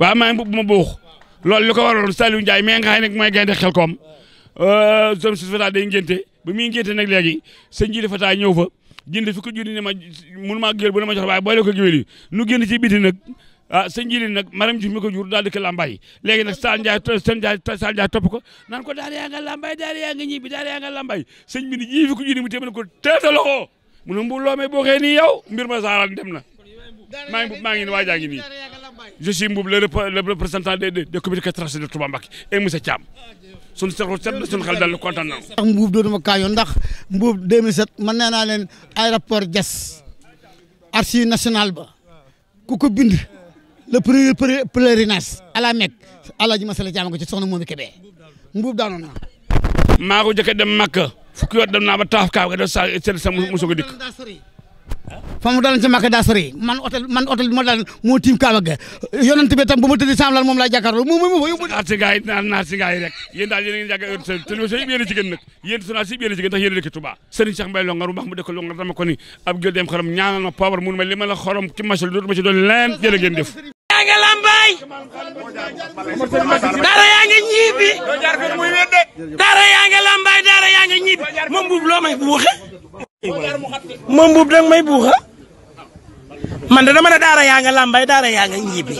waaw maa ngi ma buux loolu li ko waraloon Saliou Ndiaye mais nga xam ne mooy gaynde xel koom zone euh, Fata day ngénte ba muy ngénte nag léegi sëñ ji Fata ñëw fa jënd fi ko jënd ne ma mun bu ne ma jox waaye boole ko géwél yi nu génn ci biti nag ah sëñ nag maram Diouf ko jur daal di ko làmbaay léegi nag Sall Ndiaye sëñ Sall Ndiaye topp ko nan ko daal yaa nga làmbaay daal yaa nga ñibbi daal yaa nga làmbaay sëñ bi ni ji fi ko jënd mu téeméer ko teetaloo ko mu ne mbu loomee boo yow mbir ma saaral dem na maa ngi maa ngi nii waajaa ngi nii je suis Mboub le représentant des des de Touba Mbacké et monsieur Thiam suñu sa set na suñu xel dal na kontaan na. ndax Mboub dootuma kaayo ndax Mboub 2007 leen aéroport Diass archive nationale ba ku ko bind le premier pèlerinage à la Mecque alaaji masala Thiam ko ci soxna Momi Kébé Mboub daanoon naa. maa ko jëkkee dem Makka fukki yoon dem naa ba taaf kaaw ga def sa sa ko dikk. fa mu daloon ci Makka daa sori man hôtel man hôtel bi ma dal moo tiim Kaaba ga yonent bi tam bu lal moom laa jàkkaarloo moom moom mooy. naat si gars yi si gars rek yéen daal yéen a ngi jàkka télévision yëpp yéen a ci gën nag yéen sonal a a yaa ngi ñiibi dara yaa ngi lambaay dara yaa ngi ñiibi moom buub loo may bu mom buub danga may buuxa man de dama ne daara yaa nga làmbaay daara yaa nga ñibbi